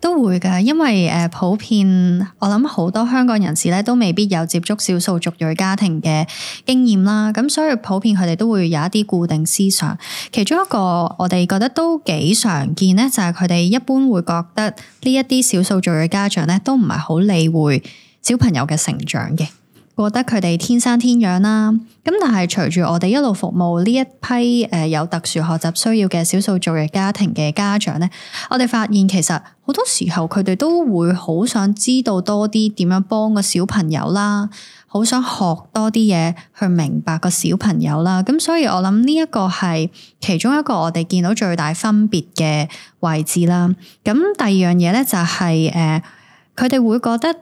都會㗎，因為誒、呃、普遍，我諗好多香港人士咧都未必有接觸少數族裔家庭嘅經驗啦。咁所以普遍佢哋都會有一啲固定思想。其中一個我哋覺得都幾常見咧，就係佢哋一般會覺得呢一啲少數族裔家長咧都唔係好理會小朋友嘅成長嘅，覺得佢哋天生天養啦。咁但係隨住我哋一路服務呢一批誒有特殊學習需要嘅少數族裔家庭嘅家長咧，我哋發現其實。好多時候佢哋都會好想知道多啲點樣幫個小朋友啦，好想學多啲嘢，去明白個小朋友啦。咁所以我諗呢一個係其中一個我哋見到最大分別嘅位置啦。咁第二樣嘢咧就係，誒，佢哋會覺得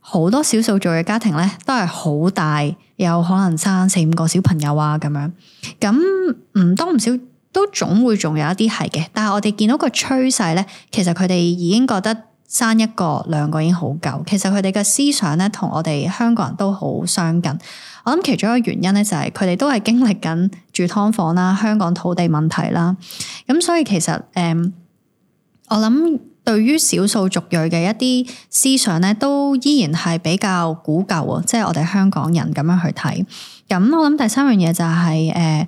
好多少數族嘅家庭咧都係好大，有可能生四五個小朋友啊咁樣。咁唔多唔少。都總會仲有一啲係嘅，但係我哋見到個趨勢咧，其實佢哋已經覺得生一個、兩個已經好夠。其實佢哋嘅思想咧，同我哋香港人都好相近。我諗其中一個原因咧，就係佢哋都係經歷緊住劏房啦、香港土地問題啦，咁所以其實誒、嗯，我諗對於少數族裔嘅一啲思想咧，都依然係比較古舊啊，即係我哋香港人咁樣去睇。咁我諗第三樣嘢就係誒。嗯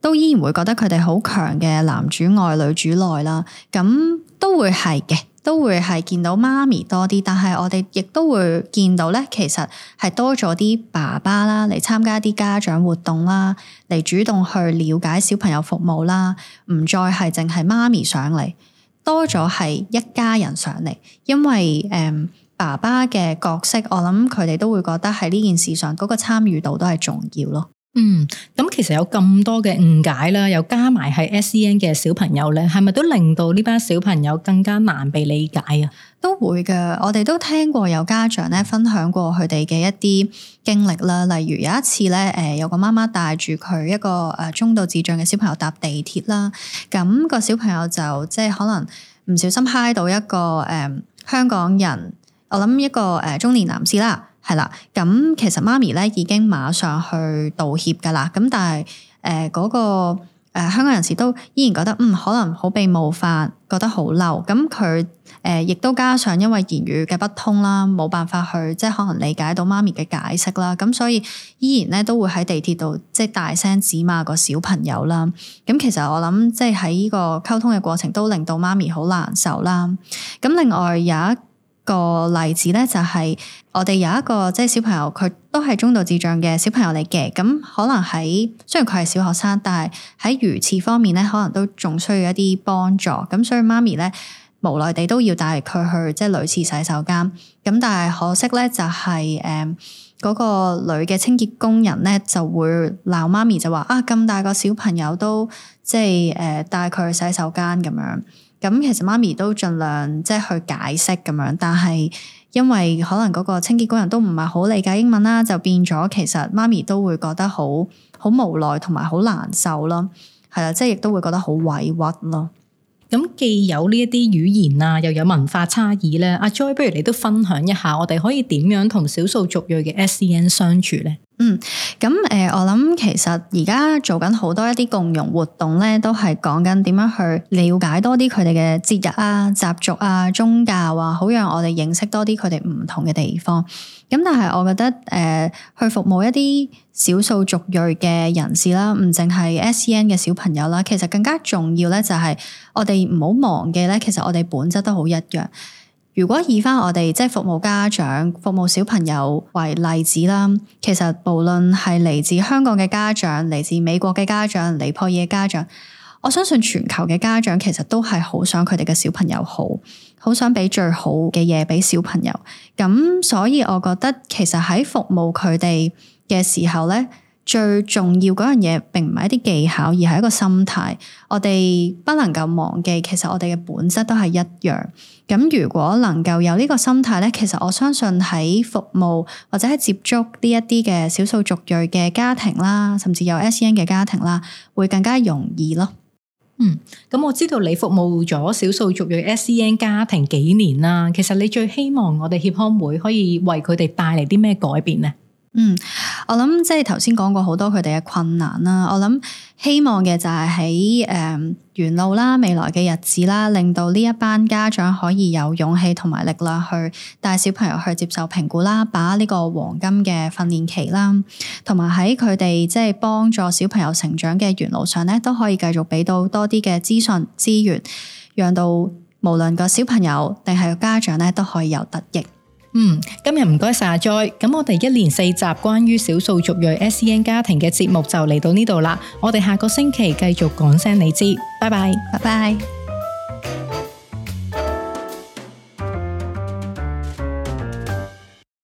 都依然會覺得佢哋好強嘅男主外女主內啦，咁都會係嘅，都會係見到媽咪多啲。但係我哋亦都會見到咧，其實係多咗啲爸爸啦嚟參加啲家長活動啦，嚟主動去了解小朋友服務啦，唔再係淨係媽咪上嚟，多咗係一家人上嚟。因為誒、嗯、爸爸嘅角色，我諗佢哋都會覺得喺呢件事上嗰、那個參與度都係重要咯。嗯，咁其實有咁多嘅誤解啦，又加埋係 SEN 嘅小朋友咧，係咪都令到呢班小朋友更加難被理解啊？都會嘅，我哋都聽過有家長咧分享過佢哋嘅一啲經歷啦，例如有一次咧，誒有個媽媽帶住佢一個誒中度智障嘅小朋友搭地鐵啦，咁個小朋友就即係可能唔小心嗨到一個誒、嗯、香港人，我諗一個誒中年男士啦。係啦，咁、嗯、其實媽咪咧已經馬上去道歉噶啦，咁但係誒嗰個誒、呃、香港人士都依然覺得嗯可能好被冒犯，覺得好嬲，咁佢誒亦都加上因為言語嘅不通啦，冇辦法去即係可能理解到媽咪嘅解釋啦，咁、嗯、所以依然咧都會喺地鐵度即係大聲指罵個小朋友啦，咁、嗯、其實我諗即係喺呢個溝通嘅過程都令到媽咪好難受啦，咁、嗯嗯、另外有一。個例子咧就係、是、我哋有一個即係小朋友，佢都係中度智障嘅小朋友嚟嘅。咁可能喺雖然佢係小學生，但係喺如廁方面咧，可能都仲需要一啲幫助。咁所以媽咪咧無奈地都要帶佢去即係女廁洗手間。咁但係可惜咧就係誒嗰個女嘅清潔工人咧就會鬧媽咪就話啊，咁大個小朋友都即係誒、呃、帶佢去洗手間咁樣。咁其實媽咪都盡量即係去解釋咁樣，但係因為可能嗰個清潔工人都唔係好理解英文啦，就變咗其實媽咪都會覺得好好無奈同埋好難受咯，係啦，即係亦都會覺得好委屈咯。咁既有呢一啲語言啊，又有文化差異咧、啊，阿、啊、Joy 不如你都分享一下，我哋可以點樣同少數族裔嘅 SEN 相處咧？嗯，咁誒、呃，我諗其實而家做緊好多一啲共融活動咧，都係講緊點樣去了解多啲佢哋嘅節日啊、習俗啊、宗教啊，好讓我哋認識多啲佢哋唔同嘅地方。咁但係我覺得誒、呃，去服務一啲少數族裔嘅人士啦，唔淨係 SEN 嘅小朋友啦，其實更加重要咧，就係我哋唔好忘記咧，其實我哋本質都好一樣。如果以翻我哋即係服務家長、服務小朋友為例子啦，其實無論係嚟自香港嘅家長、嚟自美國嘅家長、尼泊爾嘅家長，我相信全球嘅家長其實都係好想佢哋嘅小朋友好，好想俾最好嘅嘢俾小朋友。咁所以我覺得其實喺服務佢哋嘅時候呢，最重要嗰樣嘢，並唔係一啲技巧，而係一個心態。我哋不能夠忘記，其實我哋嘅本質都係一樣。咁如果能夠有呢個心態咧，其實我相信喺服務或者喺接觸呢一啲嘅少數族裔嘅家庭啦，甚至有 SEN 嘅家庭啦，會更加容易咯。嗯，咁我知道你服務咗少數族裔 SEN 家庭幾年啦，其實你最希望我哋協康會可以為佢哋帶嚟啲咩改變呢？嗯，我諗即係頭先講過好多佢哋嘅困難啦。我諗希望嘅就係喺誒沿路啦，未來嘅日子啦，令到呢一班家長可以有勇氣同埋力量去帶小朋友去接受評估啦，把握呢個黃金嘅訓練期啦，同埋喺佢哋即係幫助小朋友成長嘅沿路上咧，都可以繼續俾到多啲嘅資訊資源，讓到無論個小朋友定係個家長咧，都可以有得益。嗯，今日唔該晒阿 Joy，咁我哋一連四集關於少數族裔 SEN 家庭嘅節目就嚟到呢度啦，我哋下個星期繼續講聲你知，拜拜，拜拜。